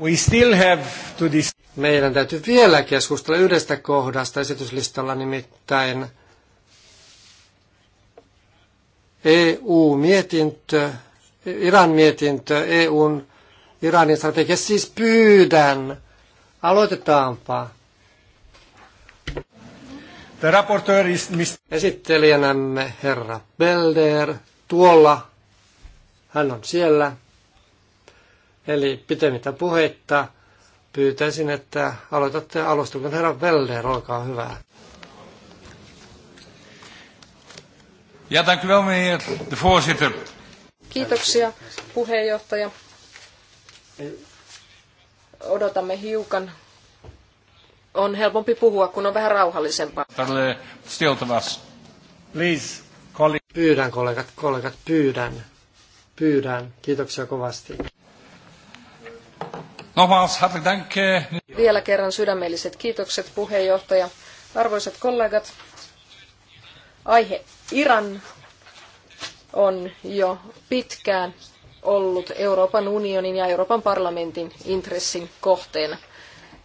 We still have to this... Meidän täytyy vielä keskustella yhdestä kohdasta esityslistalla nimittäin EU-mietintö, Iran mietintö, EUn Iranin strategia. Siis pyydän, aloitetaanpa. The rapporteur is mist- Esittelijänämme herra Belder, tuolla, hän on siellä. Eli pitemmittä puheitta pyytäisin, että aloitatte alustuksen herra Veller, olkaa hyvää. Ja tack väl meneer de Kiitoksia puheenjohtaja. Odotamme hiukan. On helpompi puhua, kun on vähän rauhallisempaa. Tälle eh, stiltavas. Please, colleague. Pyydän kollegat, kollegat, pyydän. Pyydän. Kiitoksia kovasti hartelijk dank. Eh, Vielä kerran sydämelliset kiitokset puheenjohtaja. Arvoisat kollegat, aihe Iran on jo pitkään ollut Euroopan unionin ja Euroopan parlamentin intressin kohteena.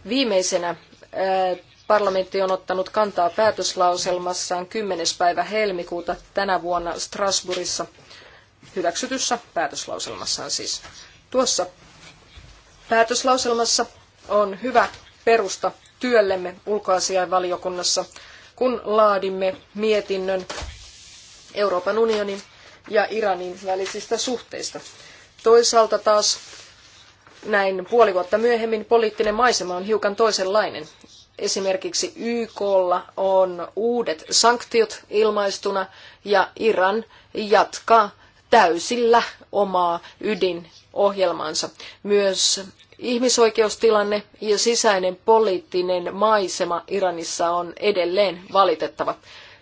Viimeisenä eh, parlamentti on ottanut kantaa päätöslauselmassaan 10. päivä helmikuuta tänä vuonna Strasbourgissa hyväksytyssä päätöslauselmassaan siis. Tuossa Päätöslauselmassa on hyvä perusta työllemme ulkoasiainvaliokunnassa, kun laadimme mietinnön Euroopan unionin ja Iranin välisistä suhteista. Toisaalta taas näin puoli vuotta myöhemmin poliittinen maisema on hiukan toisenlainen. Esimerkiksi YKlla on uudet sanktiot ilmaistuna ja Iran jatkaa täysillä omaa ydinohjelmansa. Myös ihmisoikeustilanne ja sisäinen poliittinen maisema Iranissa on edelleen valitettava.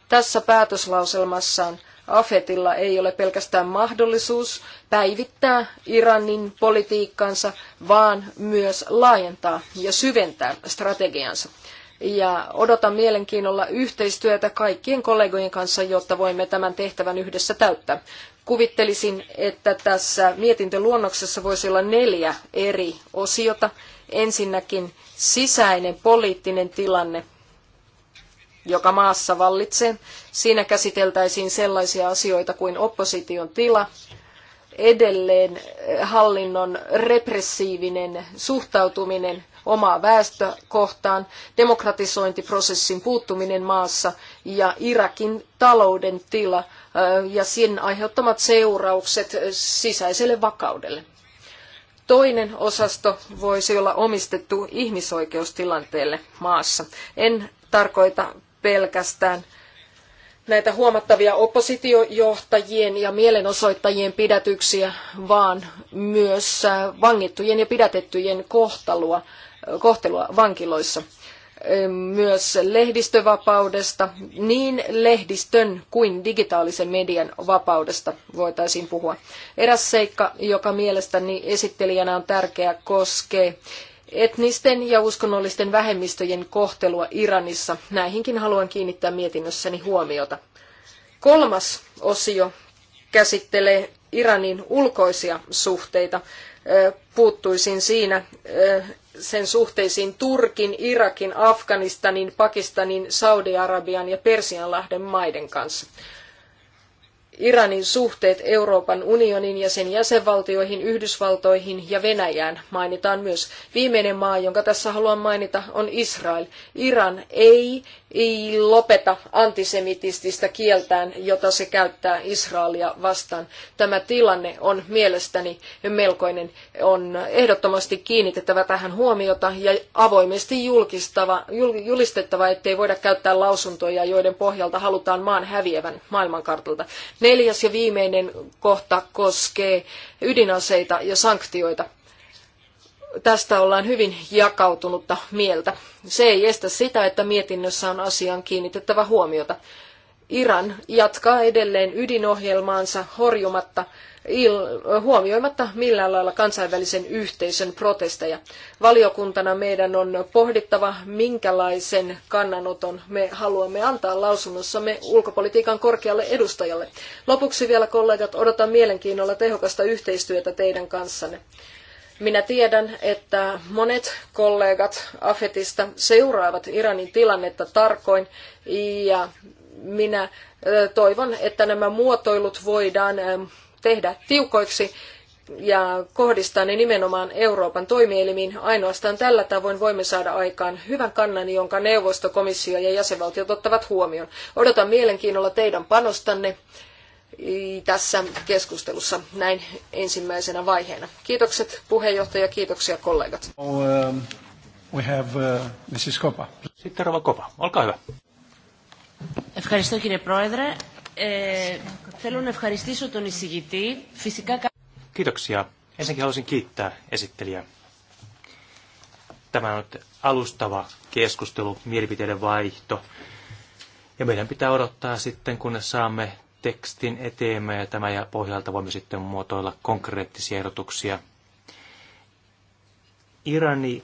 Tässä päätöslauselmassaan Afetilla ei ole pelkästään mahdollisuus päivittää Iranin politiikkansa, vaan myös laajentaa ja syventää strategiansa ja odotan mielenkiinnolla yhteistyötä kaikkien kollegojen kanssa, jotta voimme tämän tehtävän yhdessä täyttää. Kuvittelisin, että tässä mietintöluonnoksessa voisi olla neljä eri osiota. Ensinnäkin sisäinen poliittinen tilanne, joka maassa vallitsee. Siinä käsiteltäisiin sellaisia asioita kuin opposition tila, edelleen hallinnon repressiivinen suhtautuminen omaa väestökohtaan kohtaan, demokratisointiprosessin puuttuminen maassa ja Irakin talouden tila ja sen aiheuttamat seuraukset sisäiselle vakaudelle. Toinen osasto voisi olla omistettu ihmisoikeustilanteelle maassa. En tarkoita pelkästään näitä huomattavia oppositiojohtajien ja mielenosoittajien pidätyksiä, vaan myös äh, vangittujen ja pidätettyjen kohtalua kohtelua vankiloissa. Myös lehdistövapaudesta, niin lehdistön kuin digitaalisen median vapaudesta voitaisiin puhua. Eräs seikka, joka mielestäni esittelijänä on tärkeä, koskee etnisten ja uskonnollisten vähemmistöjen kohtelua Iranissa. Näihinkin haluan kiinnittää mietinnössäni huomiota. Kolmas osio käsittelee Iranin ulkoisia suhteita. Puuttuisin siinä sen suhteisiin Turkin, Irakin, Afganistanin, Pakistanin, Saudi-Arabian ja Persianlahden maiden kanssa. Iranin suhteet Euroopan unionin ja sen jäsenvaltioihin, Yhdysvaltoihin ja Venäjään mainitaan myös. Viimeinen maa, jonka tässä haluan mainita, on Israel. Iran ei ei lopeta antisemitististä kieltään, jota se käyttää Israelia vastaan. Tämä tilanne on mielestäni melkoinen. On ehdottomasti kiinnitettävä tähän huomiota ja avoimesti julkistava, julistettava, ettei voida käyttää lausuntoja, joiden pohjalta halutaan maan häviävän maailmankartalta. Neljäs ja viimeinen kohta koskee ydinaseita ja sanktioita tästä ollaan hyvin jakautunutta mieltä. Se ei estä sitä, että mietinnössä on asiaan kiinnitettävä huomiota. Iran jatkaa edelleen ydinohjelmaansa horjumatta huomioimatta millään lailla kansainvälisen yhteisön protesteja. Valiokuntana meidän on pohdittava, minkälaisen kannanoton me haluamme antaa lausunnossamme ulkopolitiikan korkealle edustajalle. Lopuksi vielä kollegat, odotan mielenkiinnolla tehokasta yhteistyötä teidän kanssanne. Minä tiedän, että monet kollegat Afetista seuraavat Iranin tilannetta tarkoin ja minä toivon, että nämä muotoilut voidaan tehdä tiukoiksi ja kohdistaa ne nimenomaan Euroopan toimielimiin. Ainoastaan tällä tavoin voimme saada aikaan hyvän kannan, jonka neuvosto, komissio ja jäsenvaltiot ottavat huomioon. Odotan mielenkiinnolla teidän panostanne tässä keskustelussa näin ensimmäisenä vaiheena. Kiitokset puheenjohtaja, kiitoksia kollegat. Um, we have, uh, Mrs. Kopa. Sitten Rova Kopa, olkaa hyvä. Kiitoksia. Ensinnäkin haluaisin kiittää esittelijää. Tämä on alustava keskustelu, mielipiteiden vaihto. Ja meidän pitää odottaa sitten, kunnes saamme tekstin eteemme ja tämä ja pohjalta voimme sitten muotoilla konkreettisia ehdotuksia. Irani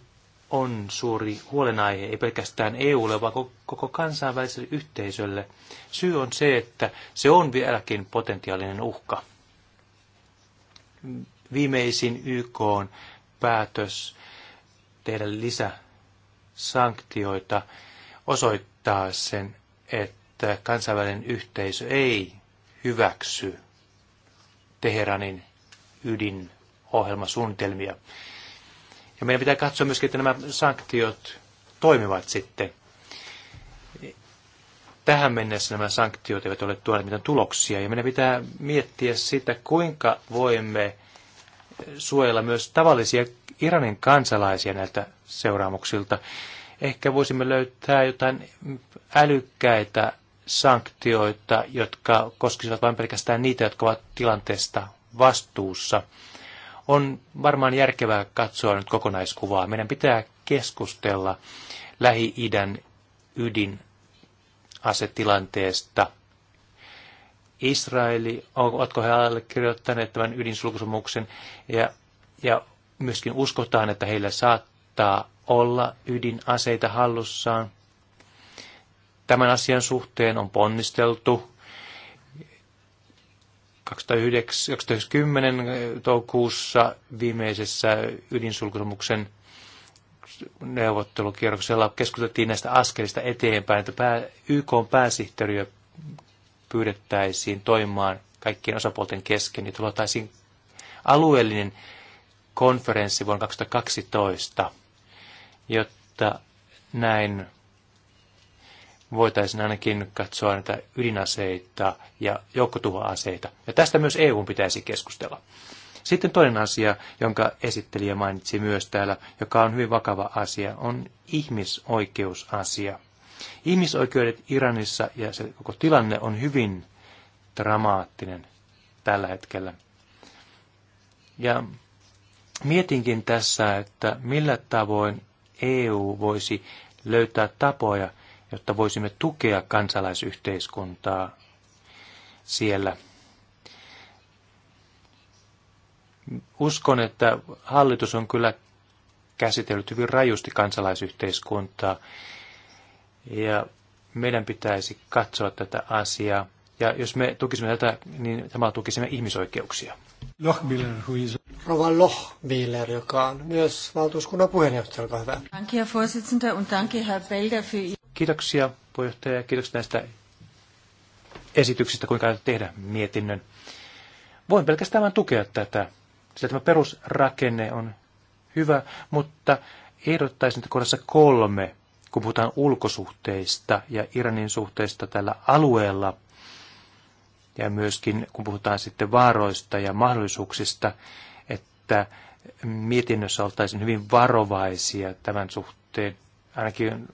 on suuri huolenaihe, ei pelkästään EUlle, vaan koko kansainväliselle yhteisölle. Syy on se, että se on vieläkin potentiaalinen uhka. Viimeisin YK on päätös tehdä lisäsanktioita osoittaa sen, että kansainvälinen yhteisö ei hyväksy Teheranin ydinohjelmasuunnitelmia. Ja meidän pitää katsoa myöskin, että nämä sanktiot toimivat sitten. Tähän mennessä nämä sanktiot eivät ole tuoneet mitään tuloksia, ja meidän pitää miettiä sitä, kuinka voimme suojella myös tavallisia Iranin kansalaisia näiltä seuraamuksilta. Ehkä voisimme löytää jotain älykkäitä sanktioita, jotka koskisivat vain pelkästään niitä, jotka ovat tilanteesta vastuussa. On varmaan järkevää katsoa nyt kokonaiskuvaa. Meidän pitää keskustella Lähi-idän ydinasetilanteesta. Israeli, ovatko he allekirjoittaneet tämän ydinsulkusomuksen ja, ja myöskin uskotaan, että heillä saattaa olla ydinaseita hallussaan. Tämän asian suhteen on ponnisteltu 2010 toukokuussa viimeisessä ydinsulkusomuksen neuvottelukierroksella keskusteltiin näistä askelista eteenpäin, että pää, YK pääsihteeriö pyydettäisiin toimimaan kaikkien osapuolten kesken, niin tulotaisiin alueellinen konferenssi vuonna 2012, jotta näin voitaisiin ainakin katsoa näitä ydinaseita ja joukkotuhoaseita. Ja tästä myös EU pitäisi keskustella. Sitten toinen asia, jonka esittelijä mainitsi myös täällä, joka on hyvin vakava asia, on ihmisoikeusasia. Ihmisoikeudet Iranissa ja se koko tilanne on hyvin dramaattinen tällä hetkellä. Ja mietinkin tässä, että millä tavoin EU voisi löytää tapoja, jotta voisimme tukea kansalaisyhteiskuntaa siellä. Uskon, että hallitus on kyllä käsitellyt hyvin rajusti kansalaisyhteiskuntaa ja meidän pitäisi katsoa tätä asiaa. Ja jos me tukisimme tätä, niin tämä tukisimme ihmisoikeuksia. Lochbiller, huiz. Rova Lochbiller, joka on myös valtuuskunnan puheenjohtaja, olkaa hyvä. Danke, Herr Vorsitzender, und danke, Herr Belder, für... Kiitoksia puheenjohtaja ja kiitoksia näistä esityksistä, kuinka tehdä mietinnön. Voin pelkästään vain tukea tätä, sillä tämä perusrakenne on hyvä, mutta ehdottaisin, että kohdassa kolme, kun puhutaan ulkosuhteista ja Iranin suhteista tällä alueella, ja myöskin kun puhutaan sitten vaaroista ja mahdollisuuksista, että mietinnössä oltaisiin hyvin varovaisia tämän suhteen, ainakin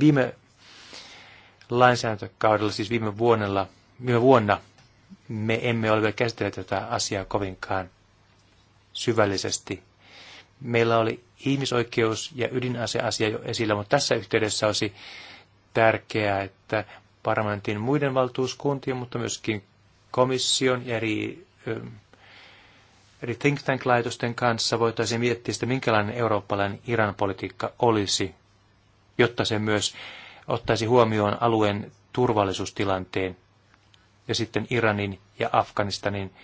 Viime lainsäädäntökaudella, siis viime, vuonnella, viime vuonna, me emme ole vielä käsitelleet tätä asiaa kovinkaan syvällisesti. Meillä oli ihmisoikeus- ja ydinaseasia jo esillä, mutta tässä yhteydessä olisi tärkeää, että parlamentin muiden valtuuskuntien, mutta myöskin komission ja eri, eri think tank-laitosten kanssa voitaisiin miettiä sitä, minkälainen eurooppalainen Iran-politiikka olisi jotta se myös ottaisi huomioon alueen turvallisuustilanteen ja sitten Iranin ja Afganistanin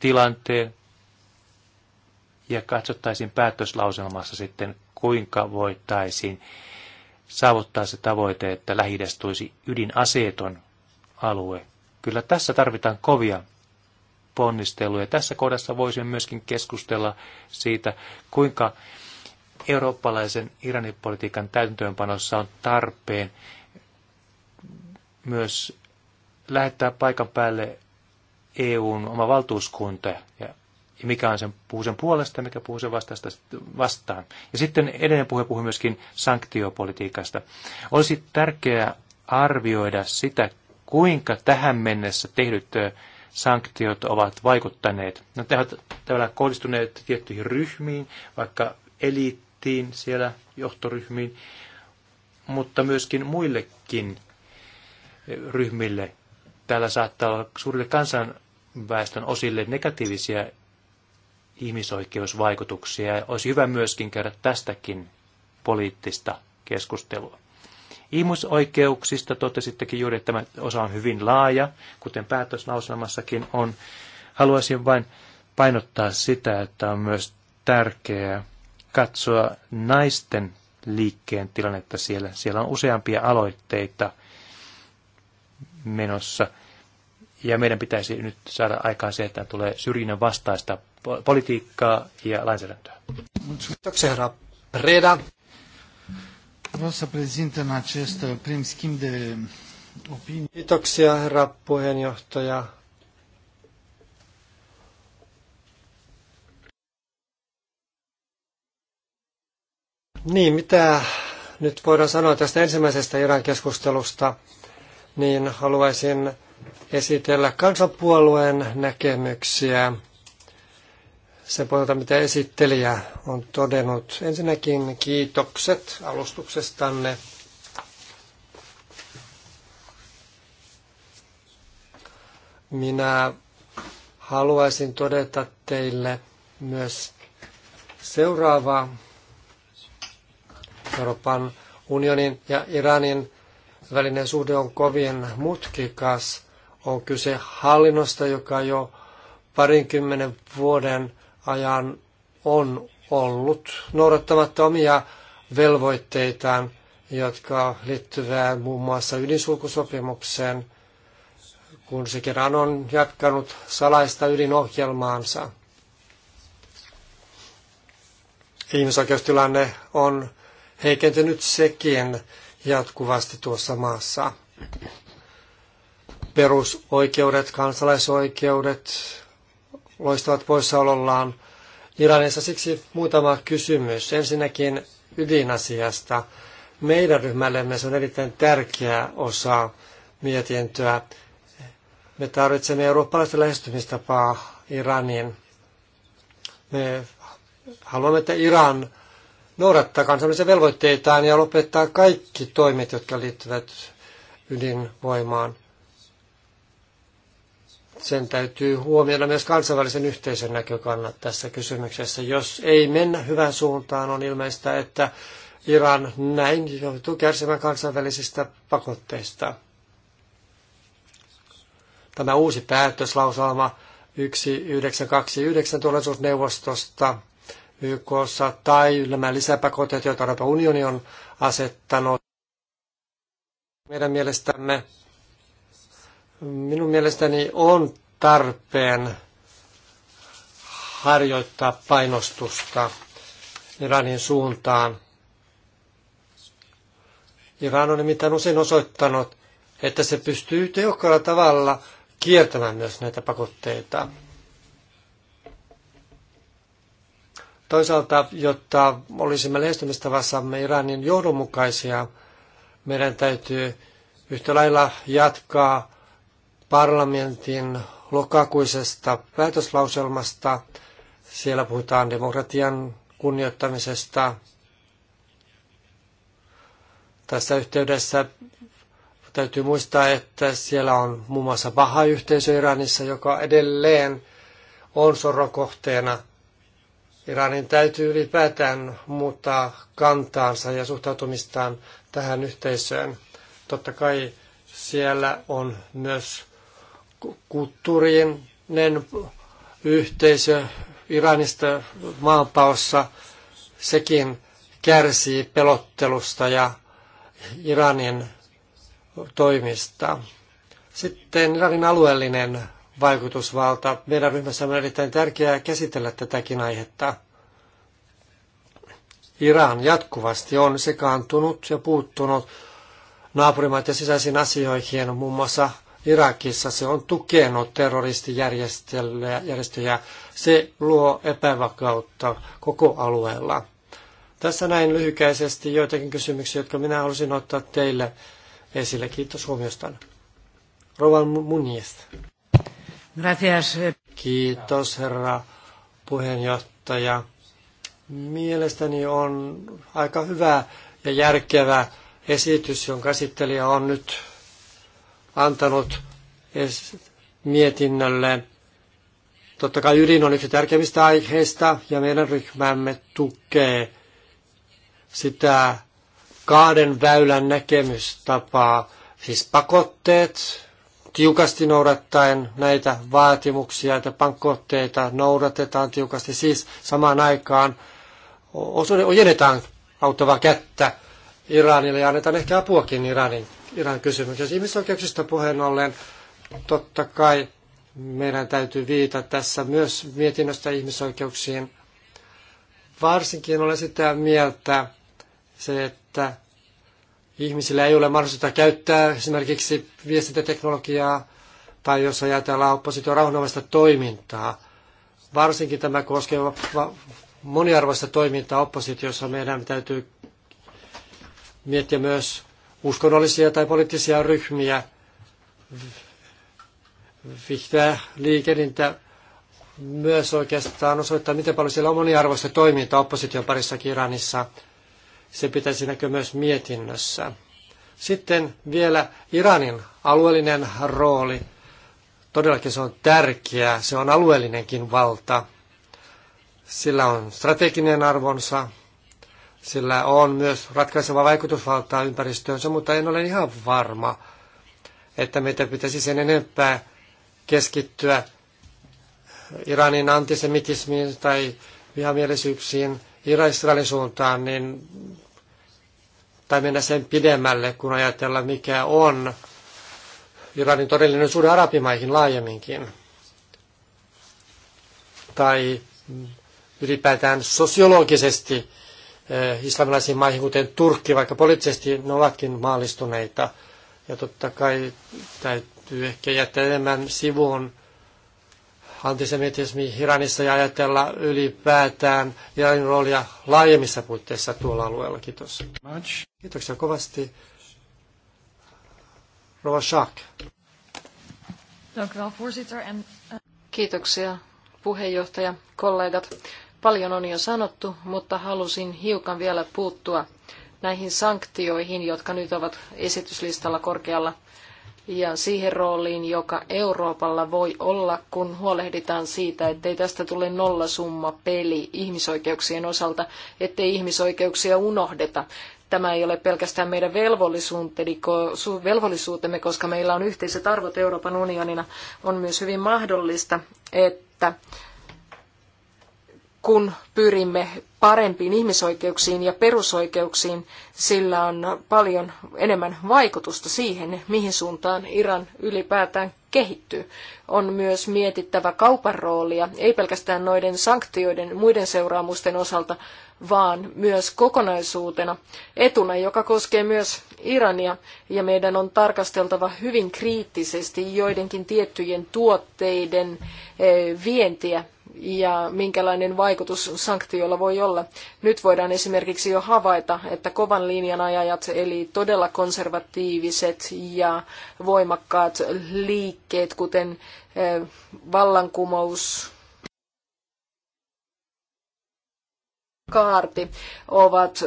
tilanteen. Ja katsottaisiin päätöslauselmassa sitten, kuinka voitaisiin saavuttaa se tavoite, että lähi tulisi ydinaseeton alue. Kyllä tässä tarvitaan kovia ponnisteluja. Tässä kohdassa voisimme myöskin keskustella siitä, kuinka eurooppalaisen Iranin politiikan täytäntöönpanossa on tarpeen myös lähettää paikan päälle EUn oma valtuuskunta ja mikä on sen, puhuu sen puolesta ja mikä puhuu sen vastaista, vastaan. Ja sitten edellinen puhe puhui myöskin sanktiopolitiikasta. Olisi tärkeää arvioida sitä, kuinka tähän mennessä tehdyt sanktiot ovat vaikuttaneet. No, ne ovat tavallaan kohdistuneet tiettyihin ryhmiin, vaikka eliitti valittiin siellä johtoryhmiin, mutta myöskin muillekin ryhmille. Täällä saattaa olla suurille kansanväestön osille negatiivisia ihmisoikeusvaikutuksia. olisi hyvä myöskin käydä tästäkin poliittista keskustelua. Ihmisoikeuksista totesittekin juuri, että tämä osa on hyvin laaja, kuten päätöslauselmassakin on. Haluaisin vain painottaa sitä, että on myös tärkeää katsoa naisten liikkeen tilannetta siellä. Siellä on useampia aloitteita menossa. Ja meidän pitäisi nyt saada aikaan se, että tulee syrjinnän vastaista politiikkaa ja lainsäädäntöä. Kiitoksia, herra Preda. Kiitoksia, herra puheenjohtaja. Niin, mitä nyt voidaan sanoa tästä ensimmäisestä Iran keskustelusta, niin haluaisin esitellä kansanpuolueen näkemyksiä sen pohjalta, mitä esittelijä on todennut. Ensinnäkin kiitokset alustuksestanne. Minä haluaisin todeta teille myös seuraavaa Euroopan unionin ja Iranin välinen suhde on kovin mutkikas. On kyse hallinnosta, joka jo parinkymmenen vuoden ajan on ollut noudattamatta omia velvoitteitaan, jotka liittyvät muun muassa ydinsulkusopimukseen, kun se kerran on jatkanut salaista ydinohjelmaansa. Ihmisoikeustilanne on heikentynyt sekin jatkuvasti tuossa maassa. Perusoikeudet, kansalaisoikeudet loistavat poissaolollaan Iranissa. Siksi muutama kysymys. Ensinnäkin ydinasiasta. Meidän ryhmällemme se on erittäin tärkeä osa mietintöä. Me tarvitsemme eurooppalaista lähestymistapaa Iranin. Me haluamme, että Iran noudattaa kansainvälisiä velvoitteitaan ja lopettaa kaikki toimet, jotka liittyvät ydinvoimaan. Sen täytyy huomioida myös kansainvälisen yhteisön näkökannat tässä kysymyksessä. Jos ei mennä hyvään suuntaan, on ilmeistä, että Iran näin joutuu kärsimään kansainvälisistä pakotteista. Tämä uusi päätöslauselma 1929 turvallisuusneuvostosta YKssa tai nämä lisäpakotteet, joita Euroopan unioni on asettanut. Meidän mielestämme, minun mielestäni on tarpeen harjoittaa painostusta Iranin suuntaan. Iran on nimittäin usein osoittanut, että se pystyy tehokkaalla tavalla kiertämään myös näitä pakotteita. Toisaalta, jotta olisimme lähestymistavassamme Iranin johdonmukaisia, meidän täytyy yhtä lailla jatkaa parlamentin lokakuisesta päätöslauselmasta. Siellä puhutaan demokratian kunnioittamisesta. Tässä yhteydessä täytyy muistaa, että siellä on muun muassa paha yhteisö Iranissa, joka edelleen on sorrokohteena – Iranin täytyy ylipäätään muuttaa kantaansa ja suhtautumistaan tähän yhteisöön. Totta kai siellä on myös kulttuurien yhteisö Iranista maanpaossa. Sekin kärsii pelottelusta ja Iranin toimista. Sitten Iranin alueellinen vaikutusvalta. Meidän ryhmässä on erittäin tärkeää käsitellä tätäkin aihetta. Iran jatkuvasti on sekaantunut ja puuttunut ja sisäisiin asioihin, muun muassa Irakissa se on tukenut terroristijärjestöjä. Se luo epävakautta koko alueella. Tässä näin lyhykäisesti joitakin kysymyksiä, jotka minä halusin ottaa teille esille. Kiitos huomiostanne. Rovan Muniz. Gracias. Kiitos, herra puheenjohtaja. Mielestäni on aika hyvä ja järkevä esitys, jonka esittelijä on nyt antanut mietinnölle. Totta kai ydin on yksi tärkeimmistä aiheista ja meidän ryhmämme tukee sitä kahden väylän näkemystapaa, siis pakotteet tiukasti noudattaen näitä vaatimuksia, että pankkootteita noudatetaan tiukasti. Siis samaan aikaan ojennetaan auttavaa kättä Iranille ja annetaan ehkä apuakin Iranin, Iran kysymyksessä. Siis ihmisoikeuksista puheen ollen totta kai meidän täytyy viitata tässä myös mietinnöstä ihmisoikeuksiin. Varsinkin olen sitä mieltä se, että ihmisillä ei ole mahdollisuutta käyttää esimerkiksi viestintäteknologiaa tai jos ajatellaan opposition rauhanomaista toimintaa. Varsinkin tämä koskee moniarvoista toimintaa oppositiossa. Meidän täytyy miettiä myös uskonnollisia tai poliittisia ryhmiä, vihreä liikennintä myös oikeastaan osoittaa, miten paljon siellä on moniarvoista toimintaa opposition parissa Iranissa – se pitäisi näkyä myös mietinnössä. Sitten vielä Iranin alueellinen rooli. Todellakin se on tärkeä, se on alueellinenkin valta. Sillä on strateginen arvonsa, sillä on myös ratkaiseva vaikutusvaltaa ympäristöönsä, mutta en ole ihan varma, että meitä pitäisi sen enempää keskittyä Iranin antisemitismiin tai vihamielisyyksiin – Israelin suuntaan, niin, tai mennä sen pidemmälle, kun ajatella, mikä on Iranin todellinen suhde arabimaihin laajemminkin. Tai ylipäätään sosiologisesti eh, islamilaisiin maihin, kuten Turkki, vaikka poliittisesti ne ovatkin maallistuneita. Ja totta kai täytyy ehkä jättää enemmän sivuun antisemitismi Iranissa ja ajatella ylipäätään Iranin roolia laajemmissa puitteissa tuolla alueella. Kiitos. Kiitoksia kovasti. Rova Shak. Eh, Kiitoksia puheenjohtaja, kollegat. Paljon on jo sanottu, mutta halusin hiukan vielä puuttua näihin sanktioihin, jotka nyt ovat esityslistalla korkealla ja siihen rooliin, joka Euroopalla voi olla, kun huolehditaan siitä, ettei tästä tule nollasumma peli ihmisoikeuksien osalta, ettei ihmisoikeuksia unohdeta. Tämä ei ole pelkästään meidän velvollisuutemme, koska meillä on yhteiset arvot Euroopan unionina. On myös hyvin mahdollista, että kun pyrimme parempiin ihmisoikeuksiin ja perusoikeuksiin, sillä on paljon enemmän vaikutusta siihen, mihin suuntaan Iran ylipäätään kehittyy. On myös mietittävä kaupan roolia, ei pelkästään noiden sanktioiden muiden seuraamusten osalta, vaan myös kokonaisuutena, etuna, joka koskee myös Irania, ja meidän on tarkasteltava hyvin kriittisesti joidenkin tiettyjen tuotteiden eh, vientiä ja minkälainen vaikutus sanktioilla voi olla. Nyt voidaan esimerkiksi jo havaita, että kovan linjan ajajat, eli todella konservatiiviset ja voimakkaat liikkeet, kuten eh, vallankumous, kaarti ovat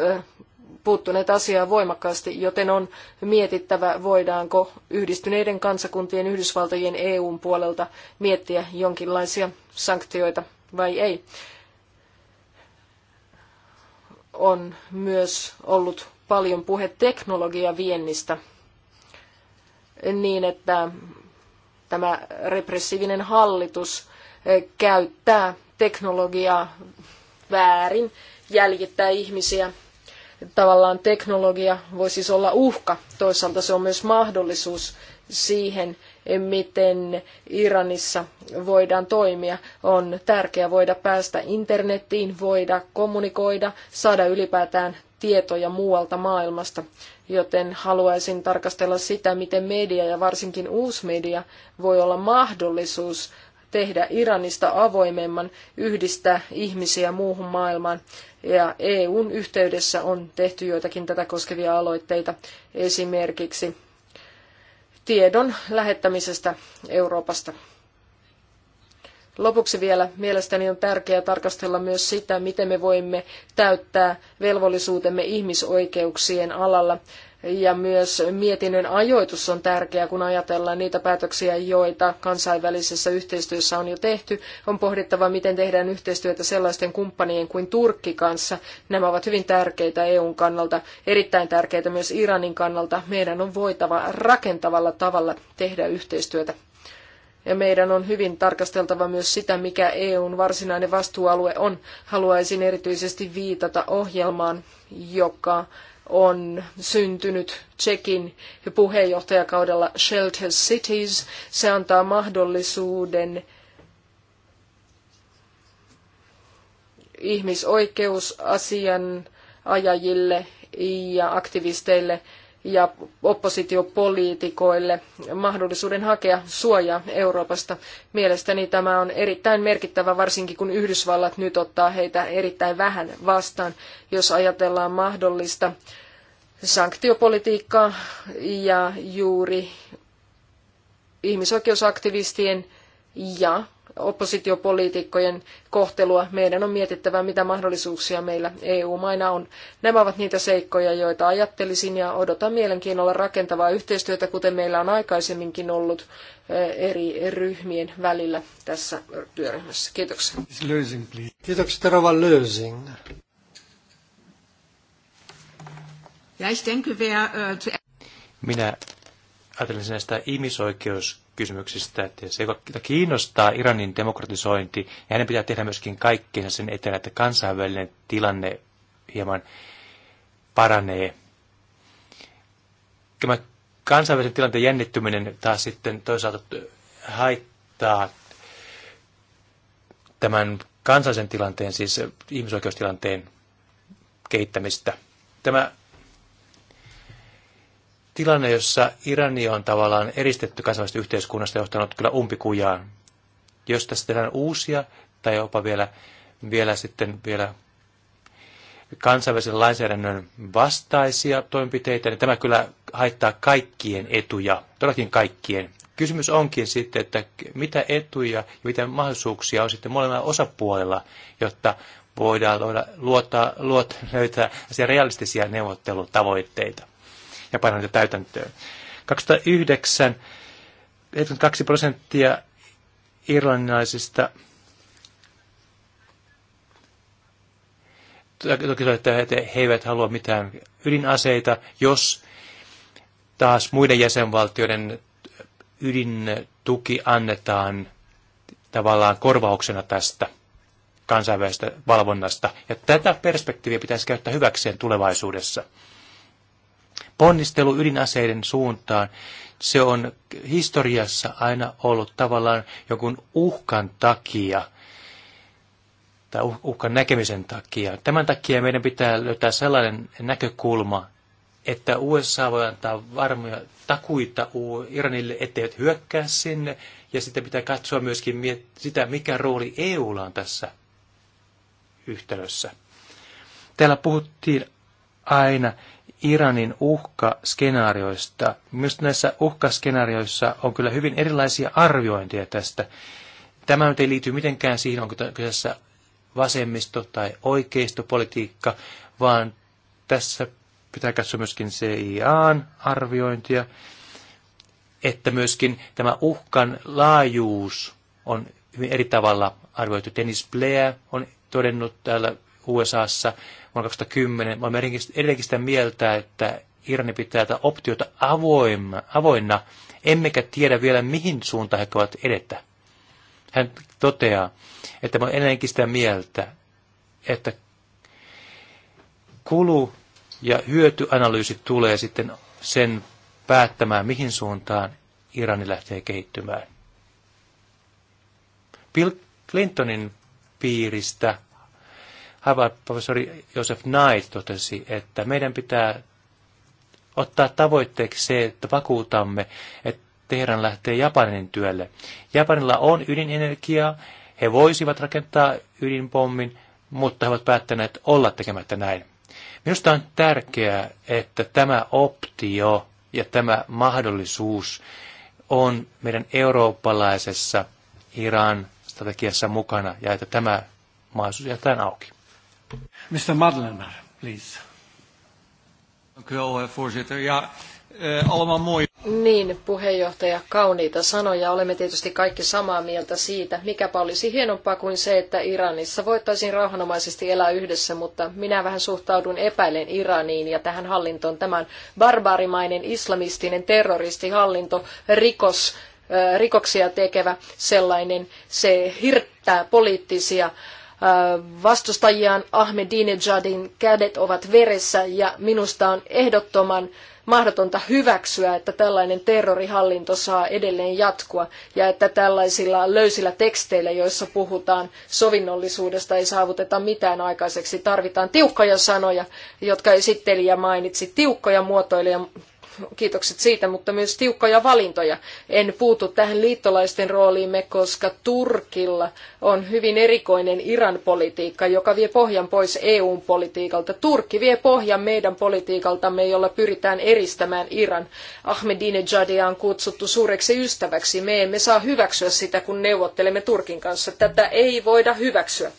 puuttuneet asiaan voimakkaasti, joten on mietittävä, voidaanko yhdistyneiden kansakuntien Yhdysvaltojen EUn puolelta miettiä jonkinlaisia sanktioita vai ei. On myös ollut paljon puhe teknologiaviennistä niin, että tämä repressiivinen hallitus käyttää teknologiaa väärin jäljittää ihmisiä. Tavallaan teknologia voi siis olla uhka, toisaalta se on myös mahdollisuus siihen, miten Iranissa voidaan toimia. On tärkeää voida päästä internettiin, voida kommunikoida, saada ylipäätään tietoja muualta maailmasta, joten haluaisin tarkastella sitä, miten media ja varsinkin uusi media voi olla mahdollisuus tehdä Iranista avoimemman, yhdistää ihmisiä muuhun maailmaan. Ja EUn yhteydessä on tehty joitakin tätä koskevia aloitteita, esimerkiksi tiedon lähettämisestä Euroopasta. Lopuksi vielä mielestäni on tärkeää tarkastella myös sitä, miten me voimme täyttää velvollisuutemme ihmisoikeuksien alalla ja myös mietinnön ajoitus on tärkeä, kun ajatellaan niitä päätöksiä, joita kansainvälisessä yhteistyössä on jo tehty. On pohdittava, miten tehdään yhteistyötä sellaisten kumppanien kuin Turkki kanssa. Nämä ovat hyvin tärkeitä EUn kannalta, erittäin tärkeitä myös Iranin kannalta. Meidän on voitava rakentavalla tavalla tehdä yhteistyötä. Ja meidän on hyvin tarkasteltava myös sitä, mikä EUn varsinainen vastuualue on. Haluaisin erityisesti viitata ohjelmaan, joka on syntynyt Tsekin puheenjohtajakaudella Shelter Cities. Se antaa mahdollisuuden ihmisoikeusasian ajajille ja aktivisteille ja oppositiopoliitikoille mahdollisuuden hakea suojaa Euroopasta. Mielestäni tämä on erittäin merkittävä, varsinkin kun Yhdysvallat nyt ottaa heitä erittäin vähän vastaan, jos ajatellaan mahdollista sanktiopolitiikkaa ja juuri ihmisoikeusaktivistien ja oppositiopoliitikkojen kohtelua. Meidän on mietittävä, mitä mahdollisuuksia meillä EU-maina on. Nämä ovat niitä seikkoja, joita ajattelisin ja odotan mielenkiinnolla rakentavaa yhteistyötä, kuten meillä on aikaisemminkin ollut eh, eri ryhmien välillä tässä työryhmässä. Kiitoksia. Kiitoksia, Rova Lösing. Äh, Minä ajattelin näistä ihmisoikeus kysymyksistä, että se kiinnostaa Iranin demokratisointi, ja hänen pitää tehdä myöskin kaikkeensa sen eteen, että kansainvälinen tilanne hieman paranee. Tämä kansainvälisen tilanteen jännittyminen taas sitten toisaalta haittaa tämän kansallisen tilanteen, siis ihmisoikeustilanteen kehittämistä. Tämä tilanne, jossa Irani on tavallaan eristetty kansainvälisestä yhteiskunnasta johtanut kyllä umpikujaan. Jos tässä tehdään uusia tai jopa vielä, vielä sitten vielä kansainvälisen lainsäädännön vastaisia toimenpiteitä, niin tämä kyllä haittaa kaikkien etuja, todellakin kaikkien. Kysymys onkin sitten, että mitä etuja ja mitä mahdollisuuksia on sitten molemmilla osapuolella, jotta voidaan luottaa, luottaa löytää realistisia neuvottelutavoitteita ja painaa niitä täytäntöön. 2009 72 prosenttia irlannilaisista toki että he eivät halua mitään ydinaseita, jos taas muiden jäsenvaltioiden ydintuki annetaan tavallaan korvauksena tästä kansainvälisestä valvonnasta. Ja tätä perspektiiviä pitäisi käyttää hyväkseen tulevaisuudessa ponnistelu ydinaseiden suuntaan, se on historiassa aina ollut tavallaan jonkun uhkan takia tai uh-, uhkan näkemisen takia. Tämän takia meidän pitää löytää sellainen näkökulma, että USA voi antaa varmoja takuita Iranille, etteivät hyökkää sinne, ja sitten pitää katsoa myöskin sitä, mikä rooli EUlla on tässä yhtälössä. Täällä puhuttiin aina Iranin uhkaskenaarioista. Myös näissä uhkaskenaarioissa on kyllä hyvin erilaisia arviointeja tästä. Tämä nyt ei liity mitenkään siihen, onko kyseessä vasemmisto- tai oikeistopolitiikka, vaan tässä pitää katsoa myöskin CIAn arviointia, että myöskin tämä uhkan laajuus on hyvin eri tavalla arvioitu. Dennis Blair on todennut täällä USAssa, vuonna 2010. Olemme edelleenkin sitä mieltä, että Irani pitää tätä optiota avoinna, emmekä tiedä vielä mihin suuntaan he ovat edetä. Hän toteaa, että mä olen edelleenkin sitä mieltä, että kulu- ja hyötyanalyysi tulee sitten sen päättämään, mihin suuntaan Irani lähtee kehittymään. Bill Clintonin piiristä Harvard-professori Joseph Knight totesi, että meidän pitää ottaa tavoitteeksi se, että vakuutamme, että Teheran lähtee Japanin työlle. Japanilla on ydinenergiaa, he voisivat rakentaa ydinpommin, mutta he ovat päättäneet olla tekemättä näin. Minusta on tärkeää, että tämä optio ja tämä mahdollisuus on meidän eurooppalaisessa Iran strategiassa mukana ja että tämä mahdollisuus jätetään auki. Mr. Madlener, please. Dank u wel, eh, voorzitter. Ja, eh, allemaal mooi. Niin, puheenjohtaja, kauniita sanoja. Olemme tietysti kaikki samaa mieltä siitä, mikäpä olisi hienompaa kuin se, että Iranissa voitaisiin rauhanomaisesti elää yhdessä, mutta minä vähän suhtaudun epäilen Iraniin ja tähän hallintoon. Tämän barbaarimainen islamistinen terroristihallinto, rikos, eh, rikoksia tekevä sellainen, se hirttää poliittisia vastustajiaan Ahmedinejadin kädet ovat veressä ja minusta on ehdottoman mahdotonta hyväksyä, että tällainen terrorihallinto saa edelleen jatkua ja että tällaisilla löysillä teksteillä, joissa puhutaan sovinnollisuudesta, ei saavuteta mitään aikaiseksi. Tarvitaan tiukkoja sanoja, jotka esittelijä mainitsi, tiukkoja muotoiluja, kiitokset siitä, mutta myös tiukkoja valintoja. En puutu tähän liittolaisten rooliimme, koska Turkilla on hyvin erikoinen Iran politiikka, joka vie pohjan pois EUn politiikalta. Turkki vie pohjan meidän politiikaltamme, jolla pyritään eristämään Iran. Ahmedinejadia on kutsuttu suureksi ystäväksi. Me emme saa hyväksyä sitä, kun neuvottelemme Turkin kanssa. Tätä ei voida hyväksyä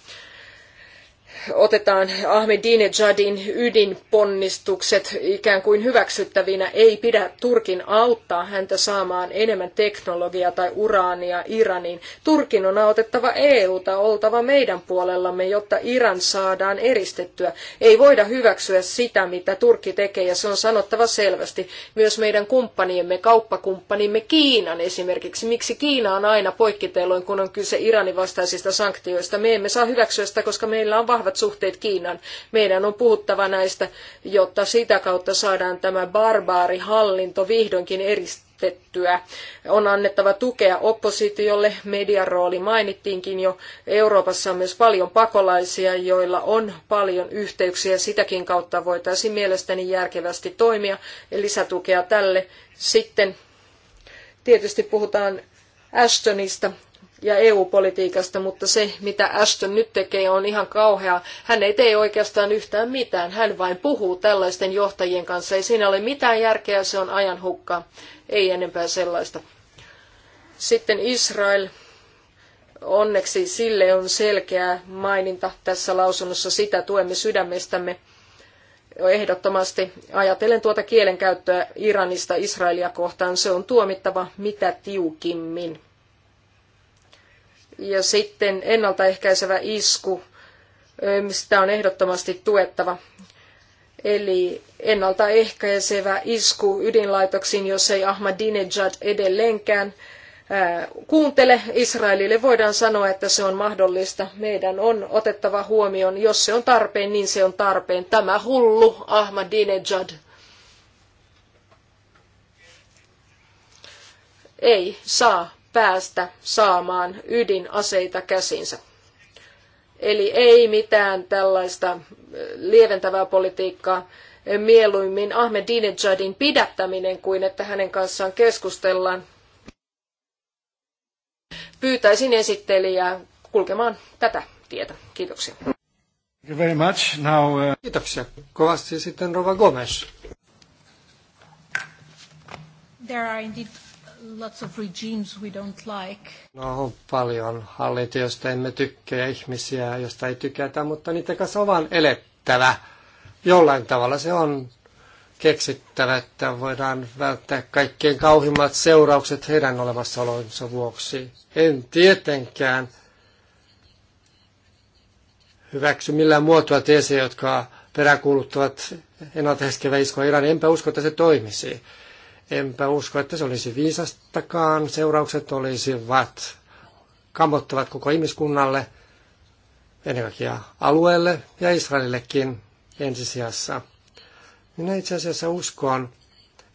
otetaan Ahmadinejadin ydinponnistukset ikään kuin hyväksyttävinä, ei pidä Turkin auttaa häntä saamaan enemmän teknologiaa tai uraania Iraniin. Turkin on autettava EUta oltava meidän puolellamme, jotta Iran saadaan eristettyä. Ei voida hyväksyä sitä, mitä Turkki tekee, ja se on sanottava selvästi. Myös meidän kumppaniemme, kauppakumppanimme Kiinan esimerkiksi. Miksi Kiina on aina poikkiteloin, kun on kyse Iranin vastaisista sanktioista? Me emme saa hyväksyä sitä, koska meillä on vahva vahvat suhteet Kiinaan. Meidän on puhuttava näistä, jotta sitä kautta saadaan tämä barbaarihallinto vihdoinkin eristettyä On annettava tukea oppositiolle, median rooli mainittiinkin jo. Euroopassa on myös paljon pakolaisia, joilla on paljon yhteyksiä. Sitäkin kautta voitaisiin mielestäni järkevästi toimia. Lisätukea tälle. Sitten tietysti puhutaan Ashtonista ja EU-politiikasta, mutta se, mitä Ashton nyt tekee, on ihan kauhea. Hän ei tee oikeastaan yhtään mitään. Hän vain puhuu tällaisten johtajien kanssa. Ei siinä ole mitään järkeä, se on ajan Ei enempää sellaista. Sitten Israel. Onneksi sille on selkeä maininta tässä lausunnossa. Sitä tuemme sydämestämme ehdottomasti. Ajatellen tuota kielenkäyttöä Iranista Israelia kohtaan, se on tuomittava mitä tiukimmin. Ja sitten ennaltaehkäisevä isku, sitä on ehdottomasti tuettava. Eli ennaltaehkäisevä isku ydinlaitoksiin, jos ei Ahmadinejad edelleenkään kuuntele Israelille, voidaan sanoa, että se on mahdollista. Meidän on otettava huomioon, jos se on tarpeen, niin se on tarpeen. Tämä hullu Ahmadinejad. Ei saa päästä saamaan ydinaseita käsinsä. Eli ei mitään tällaista lieventävää politiikkaa, mieluimmin Ahmedinejadin pidättäminen kuin että hänen kanssaan keskustellaan. Pyytäisin esittelijää kulkemaan tätä tietä. Kiitoksia. Thank you very much. Now, uh... Kiitoksia. Kovasti sitten Rova Gomes. There are indeed lots of regimes we don't like. No paljon hallintoja, joista emme tykkää, ihmisiä, joista ei tykätä, mutta niitä kanssa on vaan elettävä. Jollain tavalla se on keksittävä, että voidaan välttää kaikkein kauhimmat seuraukset heidän olemassaolonsa vuoksi. En tietenkään hyväksy millään muotoa teesejä, jotka peräkuuluttavat ennaltaiskeväiskoa Iran. Enpä usko, että se toimisi. Enpä usko, että se olisi viisastakaan. Seuraukset olisivat kammottavat koko ihmiskunnalle, ennen kaikkea alueelle ja Israelillekin ensisijassa. Minä itse asiassa uskon,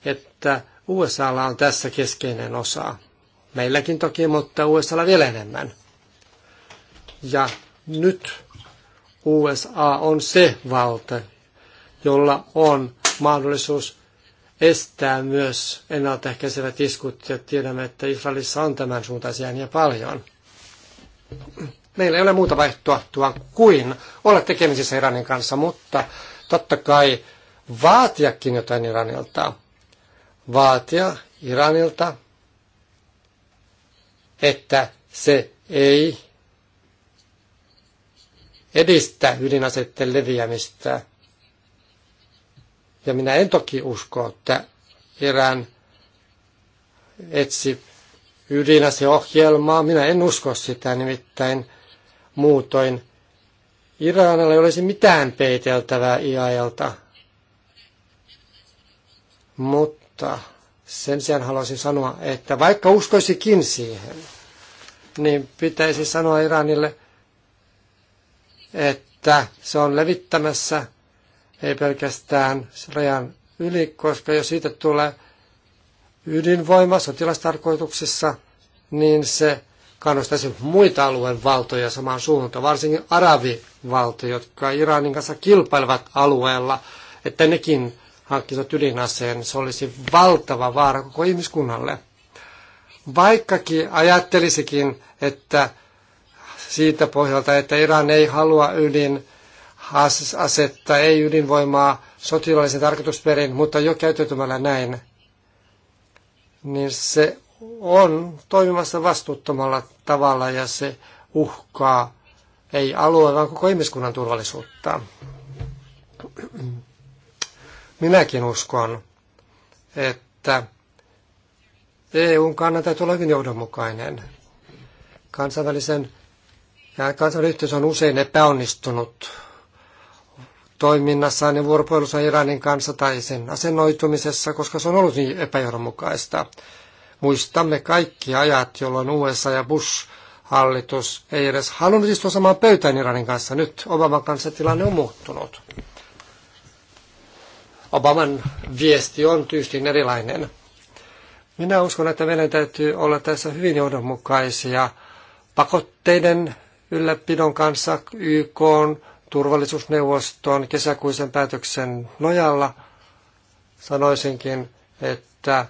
että USAlla on tässä keskeinen osa. Meilläkin toki, mutta USAlla vielä enemmän. Ja nyt USA on se valta, jolla on mahdollisuus estää myös ennaltaehkäisevät iskut, ja tiedämme, että Israelissa on tämän suuntaisia ääniä paljon. Meillä ei ole muuta vaihtoehtoa kuin olla tekemisissä Iranin kanssa, mutta totta kai vaatiakin jotain Iranilta. Vaatia Iranilta, että se ei edistä ydinaseiden leviämistä – ja minä en toki usko, että Iran etsi ohjelmaa. Minä en usko sitä nimittäin muutoin. Iranilla ei olisi mitään peiteltävää IAELta. Mutta sen sijaan haluaisin sanoa, että vaikka uskoisikin siihen, niin pitäisi sanoa Iranille, että se on levittämässä ei pelkästään rajan yli, koska jos siitä tulee ydinvoima sotilastarkoituksessa, niin se kannustaisi muita alueen valtoja samaan suuntaan, varsinkin arabivaltoja, jotka Iranin kanssa kilpailevat alueella, että nekin hankkisivat ydinaseen. Se olisi valtava vaara koko ihmiskunnalle. Vaikkakin ajattelisikin, että siitä pohjalta, että Iran ei halua ydin asetta, ei ydinvoimaa sotilaallisen tarkoitusperin, mutta jo käytetymällä näin, niin se on toimimassa vastuuttomalla tavalla ja se uhkaa ei alue, vaan koko ihmiskunnan turvallisuutta. Minäkin uskon, että EUn kannan täytyy olla hyvin johdonmukainen. Kansainvälisen ja kansainvälinen yhteys on usein epäonnistunut toiminnassaan ja vuoropuhelussa Iranin kanssa tai sen asennoitumisessa, koska se on ollut niin epäjohdonmukaista. Muistamme kaikki ajat, jolloin USA ja Bush hallitus ei edes halunnut istua samaan pöytään Iranin kanssa. Nyt Obaman kanssa tilanne on muuttunut. Obaman viesti on tyystin erilainen. Minä uskon, että meidän täytyy olla tässä hyvin johdonmukaisia pakotteiden ylläpidon kanssa, YK on turvallisuusneuvoston kesäkuisen päätöksen nojalla sanoisinkin, että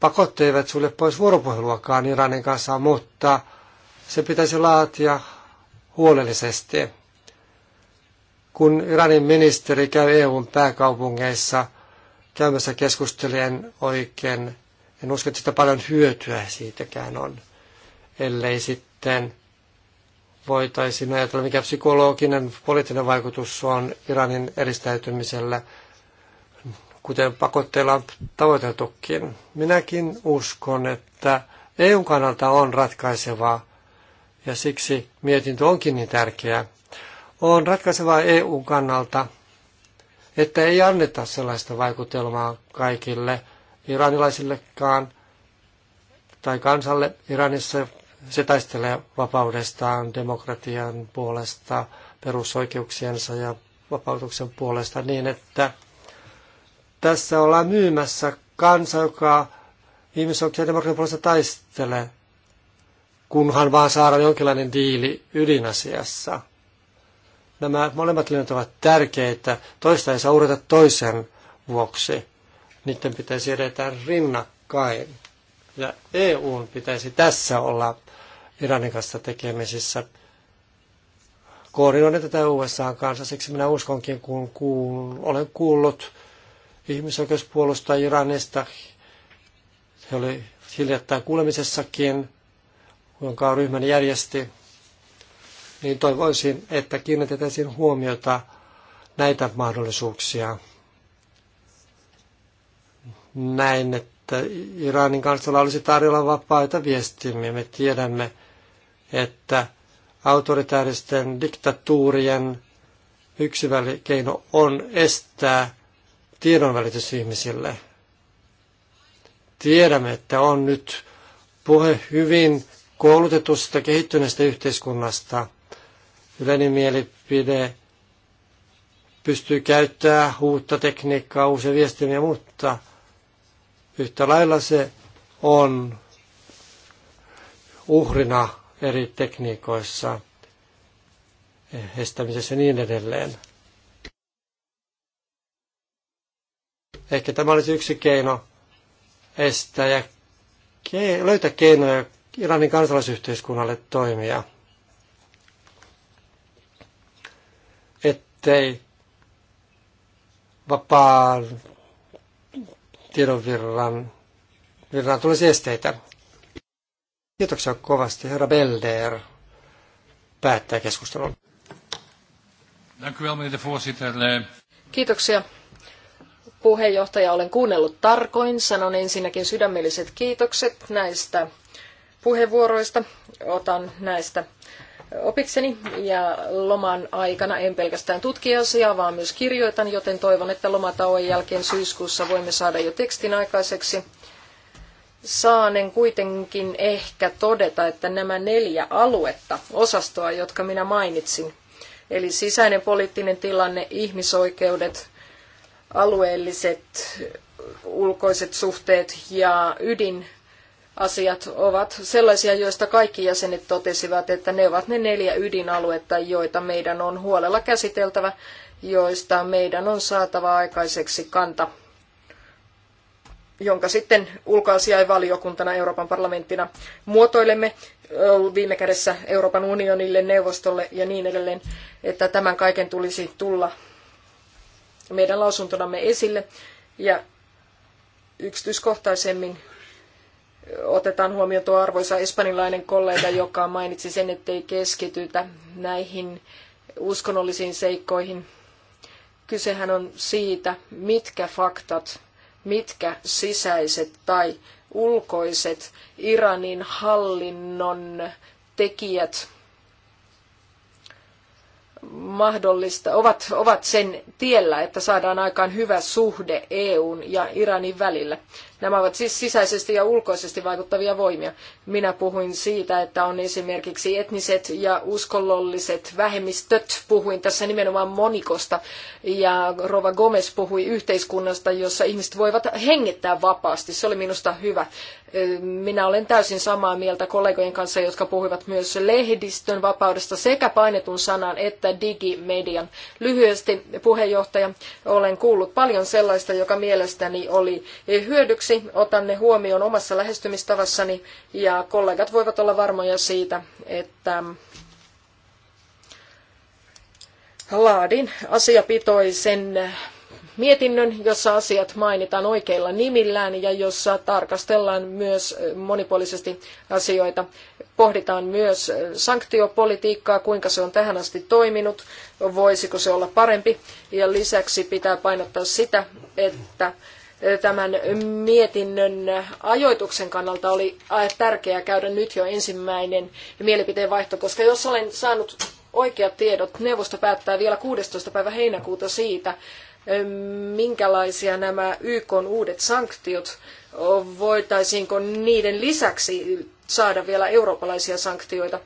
pakotteet eivät sulje pois vuoropuheluakaan Iranin kanssa, mutta se pitäisi laatia huolellisesti. Kun Iranin ministeri käy EUn pääkaupungeissa käymässä keskustelien oikein, en usko, että sitä paljon hyötyä siitäkään on, ellei sitten voitaisiin ajatella, mikä psykologinen poliittinen vaikutus on Iranin eristäytymisellä, kuten pakotteilla on tavoiteltukin. Minäkin uskon, että EUn kannalta on ratkaisevaa, ja siksi mietintö onkin niin tärkeää. On ratkaisevaa EUn kannalta, että ei anneta sellaista vaikutelmaa kaikille iranilaisillekaan tai kansalle Iranissa, se taistelee vapaudestaan, demokratian puolesta, perusoikeuksiensa ja vapautuksen puolesta niin, että tässä ollaan myymässä kansa, joka ihmisoikeuksien ja demokratian puolesta taistelee, kunhan vaan saadaan jonkinlainen diili ydinasiassa. Nämä molemmat linjat ovat tärkeitä, toista ei saa toisen vuoksi. Niiden pitäisi edetä rinnakkain. Ja EUn pitäisi tässä olla Iranin kanssa tekemisissä. Koordinoin tätä USA kanssa, siksi minä uskonkin, kun kuul, olen kuullut ihmisoikeuspuolusta Iranista. He oli hiljattain kuulemisessakin, jonka ryhmän järjesti. Niin toivoisin, että kiinnitetään huomiota näitä mahdollisuuksia. Näin, että että Iranin kansalla olisi tarjolla vapaita viestimiä. Me tiedämme, että autoritääristen diktatuurien yksi keino on estää tiedonvälitys ihmisille. Tiedämme, että on nyt puhe hyvin koulutetusta, kehittyneestä yhteiskunnasta. Yleinen mielipide pystyy käyttämään uutta tekniikkaa, uusia viestimiä, mutta Yhtä lailla se on uhrina eri tekniikoissa, estämisessä ja niin edelleen. Ehkä tämä olisi yksi keino estää ja ke- löytää keinoja Iranin kansalaisyhteiskunnalle toimia. Ettei vapaan tiedonvirran virran tulisi esteitä. Kiitoksia kovasti. Herra Belder päättää keskustelun. Kiitoksia. Puheenjohtaja, olen kuunnellut tarkoin. Sanon ensinnäkin sydämelliset kiitokset näistä puheenvuoroista. Otan näistä opikseni ja loman aikana en pelkästään tutki asiaa, vaan myös kirjoitan, joten toivon, että lomatauon jälkeen syyskuussa voimme saada jo tekstin aikaiseksi. Saanen kuitenkin ehkä todeta, että nämä neljä aluetta, osastoa, jotka minä mainitsin, eli sisäinen poliittinen tilanne, ihmisoikeudet, alueelliset ulkoiset suhteet ja ydin asiat ovat sellaisia, joista kaikki jäsenet totesivat, että ne ovat ne neljä ydinaluetta, joita meidän on huolella käsiteltävä, joista meidän on saatava aikaiseksi kanta, jonka sitten ulkoasiainvaliokuntana Euroopan parlamenttina muotoilemme viime kädessä Euroopan unionille, neuvostolle ja niin edelleen, että tämän kaiken tulisi tulla meidän lausuntonamme esille ja yksityiskohtaisemmin otetaan huomioon tuo arvoisa espanjalainen kollega, joka mainitsi sen, ettei keskitytä näihin uskonnollisiin seikkoihin. Kysehän on siitä, mitkä faktat, mitkä sisäiset tai ulkoiset Iranin hallinnon tekijät mahdollista, ovat, ovat sen tiellä, että saadaan aikaan hyvä suhde EUn ja Iranin välillä. Nämä ovat siis sisäisesti ja ulkoisesti vaikuttavia voimia. Minä puhuin siitä, että on esimerkiksi etniset ja uskollolliset vähemmistöt. Puhuin tässä nimenomaan monikosta. Ja Rova Gomez puhui yhteiskunnasta, jossa ihmiset voivat hengittää vapaasti. Se oli minusta hyvä. Minä olen täysin samaa mieltä kollegojen kanssa, jotka puhuivat myös lehdistön vapaudesta sekä painetun sanan että digimedian. Lyhyesti puheenjohtaja, olen kuullut paljon sellaista, joka mielestäni oli hyödyksi Lisäksi otan ne huomioon omassa lähestymistavassani ja kollegat voivat olla varmoja siitä, että laadin asiapitoisen mietinnön, jossa asiat mainitaan oikeilla nimillään ja jossa tarkastellaan myös monipuolisesti asioita. Pohditaan myös sanktiopolitiikkaa, kuinka se on tähän asti toiminut, voisiko se olla parempi. Ja lisäksi pitää painottaa sitä, että tämän mietinnön ajoituksen kannalta oli äh, tärkeää käydä nyt jo ensimmäinen mielipiteen vaihto, koska jos olen saanut oikeat tiedot, neuvosto päättää vielä 16. päivä heinäkuuta siitä, minkälaisia nämä YK uudet sanktiot, voitaisiinko niiden lisäksi saada vielä eurooppalaisia sanktioita.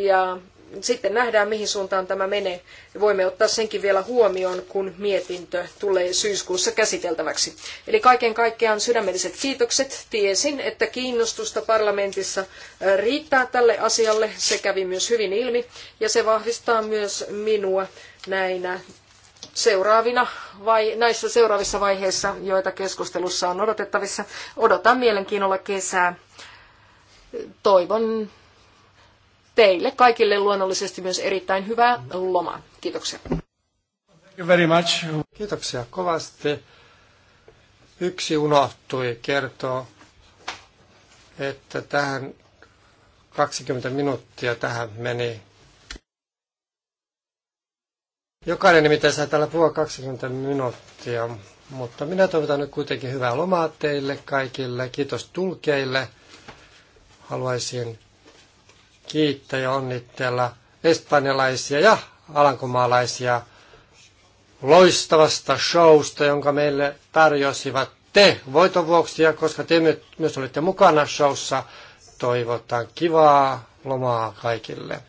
Ja sitten nähdään, mihin suuntaan tämä menee. Voimme ottaa senkin vielä huomioon, kun mietintö tulee syyskuussa käsiteltäväksi. Eli kaiken kaikkiaan sydämelliset kiitokset. Tiesin, että kiinnostusta parlamentissa riittää tälle asialle. Se kävi myös hyvin ilmi ja se vahvistaa myös minua näinä seuraavina vai näissä seuraavissa vaiheissa, joita keskustelussa on odotettavissa. Odotan mielenkiinnolla kesää. Toivon teille kaikille luonnollisesti myös erittäin hyvää lomaa. Kiitoksia. Thank you very much. Kiitoksia kovasti. Yksi unohtui kertoa, että tähän 20 minuuttia tähän meni. Jokainen nimittäin saa täällä puhua 20 minuuttia, mutta minä toivotan nyt kuitenkin hyvää lomaa teille kaikille. Kiitos tulkeille. Haluaisin kiittää ja onnitella espanjalaisia ja alankomaalaisia loistavasta showsta, jonka meille tarjosivat te voiton vuoksi, ja koska te myös olitte mukana showssa, toivotan kivaa lomaa kaikille.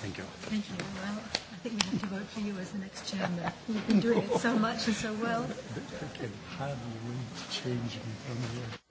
Thank you. Thank you. Well, I think we have to vote for you as the next chairman. You've been doing it so much and so well. How do we change me from here?